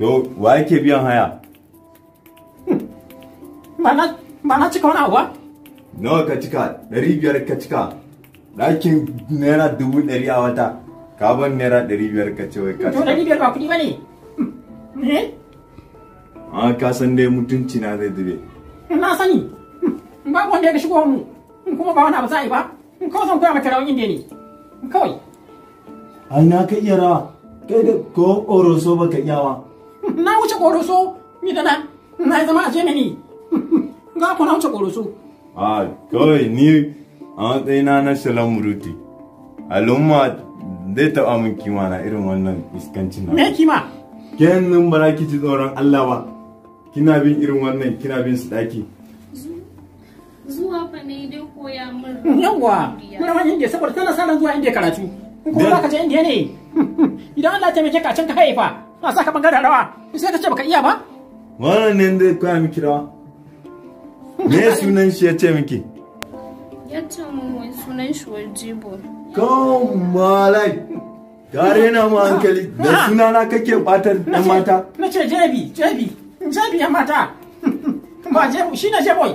Yo, keep you on here? Mana, mana cika wani abuwa? Nawa ka cika, ɗari biyar ka nera Ɗakin naira dubu ɗari a wata. Ka ban naira ɗari biyar ka ce wai ka cika. To ɗari biyar ba kuɗi ba ne? Hmm. Eh? A ka san dai mutunci na eh, sani. Hmm. Babu wanda ya shigo mu. Hmm, kuma ba wani abu za a yi ba. Kawai zan koya ni? rawan Aina ke Kawai. Kau orang sobat ke rawa. na wuce koroso ni da na na zama a ne ni ga ko na wuce koroso a kawai ni an matsayina na na shalom muruti al'umma zai taɓa min kima na irin wannan iskancin na me kima kenan ba za ki ji tsoron Allah ba kina bin irin wannan kina bin su daki zuwa fa ne dai koya min yawa mun ran inda saboda tana sa ran zuwa inda karatu ko za ka je inda ne idan Allah ya taimake ka can ka haifa a saka bangaren rawa sai ka ce baka iya ba wannan zai koya miki rawa me sunan shi ya ce miki ya ce mun sunan shi wajibo ko malai gare na mu hankali da sunana kake batar dan mata na ce jebi jebi jebi ya mata ba jebi shi na jeboi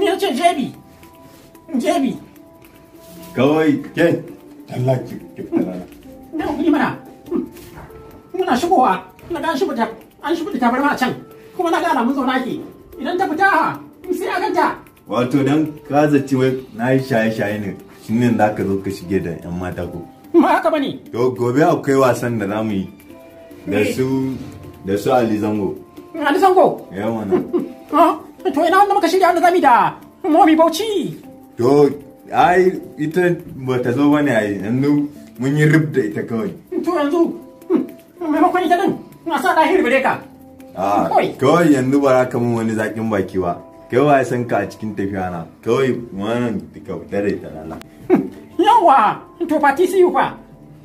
ne ce jebi jebi kawai ke Allah ki ki mana Muna shigowa, na ga an fita an shimfida tabarma a can, kuma na ga alamun zauna ke. Idan ta fita sai a ganta. Wato dan ka zace wai na yi shaye-shaye ne, shi ne da ka zo ka shige da 'yan mata ko. Ma haka bane. To gobe akwai wasan da zamu yi da su da su Ali Zango. Ali Zango? Yawa na. Ah, to ina wanda muka shige wanda zamu yi da Momi Bauchi. To ai ita ba ta zo bane ai yanzu mun yi rib da ita kawai. To yanzu maimakon ita din ina sa ɗahiri bare ka ah, kawai yanzu ba za ka min wani zaƙin baki ba kai san ka a cikin tafiya na kawai wannan kyautar ita lala yawa to ba ti siyu fa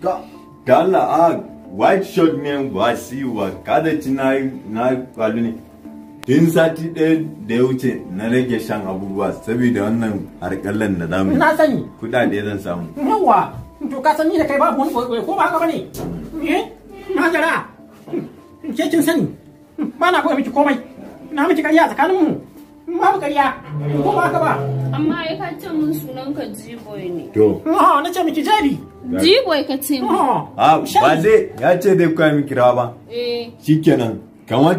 ka da Allah a ah, white shot ne ba siyu ba kada ci na na kwalu ne tun sati ɗaya da ya wuce na rage shan abubuwa saboda wannan harƙallan da zamu na sani kuɗaɗe zan samu yawa to ka sani da kai babu wani ko ba haka bane mm. eh hajara ke kin sani ba na koya miki komai na miki kariya tsakanin mu. tsakaninmu babu kariya, ko ba ka ba amma ai ka ce mun sunan ka jiboy ne to ha na ce miki jari jiboy ka ce mu Ha, ba dai ya ce dai koya miki rawa ba eh shikenan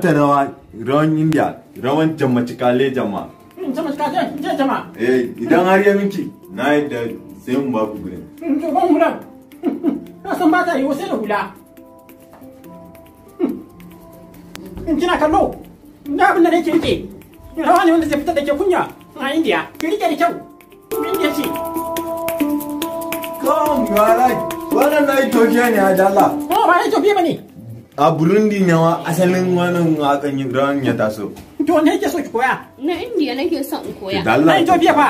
ta rawa rawan india rawan jammaci kale jama'a mm, jammaci kale jama'a eh idan har ya miki na yadda sai mu ba ku gurin mm, to ba mu nan na san ba ta yi wasu da hula in kina kallo na abin da nake rike rawa ne wanda zai fitar da ke kunya a indiya ki rike da kyau indiya ce ni you wannan na ethiopia ne hajji allah oh ba ethiopia ba ne a burundi ne wa asalin wannan hakan yin rawan ya taso to wanda yake so ki koya na indiya nake son in koya da allah ethiopia ba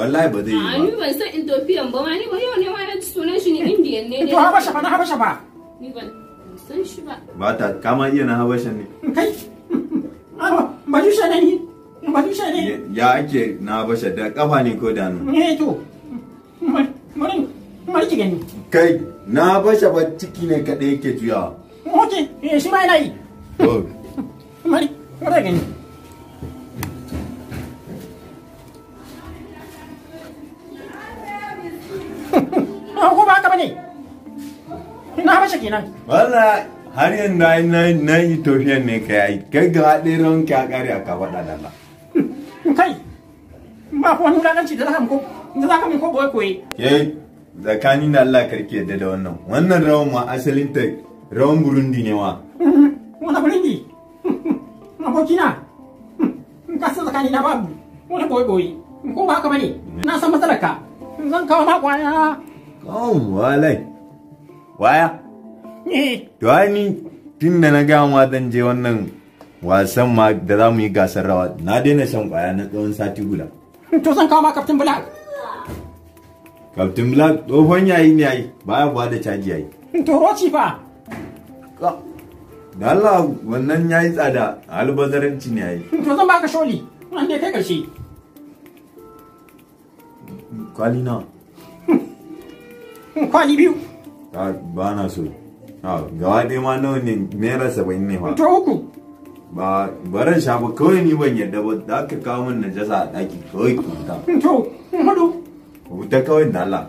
wallahi ba zai yi ba ni ban san ethiopia ba ma ni ba yau ne ma na sunan shi ne indiya ne to habasha ba na habasha ni ban san shi ba ba ta kama iya na kai ba ju sha ni ba ju sha ne ya ake na ba basha da kafa ne ko da hannu eh to mari mari ki gani kai na ba basha ba ciki ne kadai yake juyawa ok eh shi ma yana yi mari oh. mari gani ah, ko ba haka bane na ba basha kenan wallahi har yanzu na na Ethiopia ne ka yi kai ga ɗaya ranka k'a ƙari a ka da Allah kai ba ku wani wulaƙanci da raham ko da za ka min ko boye koyi eh tsakanin da Allah karki yadda da wannan wannan rawan ma asalin ta rawan Burundi ne wa uhuh, wani Burundi uhuh, abokina uhuh, ka san tsakanin na babu wani boye boye ko ba haka bane na san matsalar ka zan kawo ma kwaya kawo walai waya to ni tun da na gaya ma zan je wannan wasan ma da za mu yi gasar rawa na daina shan kwaya na tsawon sati guda to zan kama kaftin black kaftin black tsohon yayi ne yayi baya buwa da caji yayi to roci fa da Allah wannan yayi tsada albazaranci ne yayi to zan baka sholi nan dai kai karshe kwali na kwali biyu ba na so a ah, gawa dai ma nawa ne naira saba'in ne ma ta uku ba baran shafa kawai ni ban yadda ba da aka kawo min najasa a ɗaki kawai ku ta hmm, to mado ku ta kawai da Allah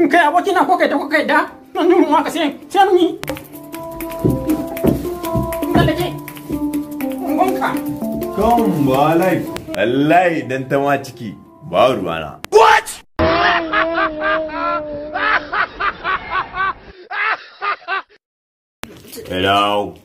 kai aboki na kokai ta kokai da nan mun ma ka sai sai ni kallake gonka kan ba lai wallahi dan ta ma ciki ba ruwana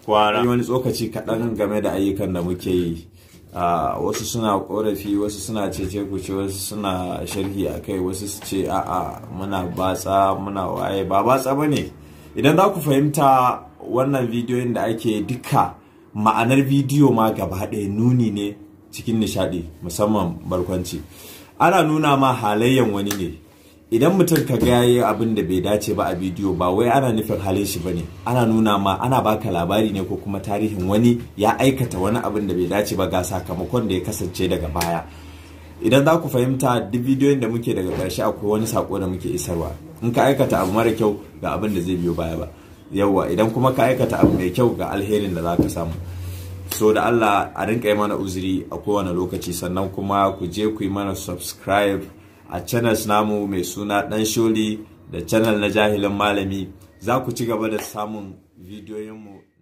kwana wani tsokaci kaɗan game da ayyukan da muke yi wasu suna korafi wasu suna cece kuce wasu suna sharhi a kai wasu su ce a'a muna batsa muna waye ba batsa ba ne idan za ku fahimta wannan bidiyoyin da ake duka ma'anar bidiyo ma gaba ɗaya nuni ne cikin nishaɗi musamman barkwanci ana nuna ma halayyan wani ne idan mutum ka ga yayi abin da bai dace ba a bidiyo ba wai ana nufin halin shi bane ana nuna ma ana baka labari ne ko kuma tarihin wani ya aikata wani abin da bai dace ba ga sakamakon da ya kasance daga baya idan za ku fahimta duk bidiyon da muke daga ƙarshe akwai wani sako da muke isarwa in ka aikata abu mara kyau ga abin da zai biyo baya ba yawwa idan kuma ka aikata abu mai kyau ga alherin da za ka samu so da Allah a rinka yi mana uzuri a kowane lokaci sannan kuma ku je ku yi mana subscribe a channels namu mai suna dan sholi da channel na jahilin malami za ku ci gaba da samun bidiyoyinmu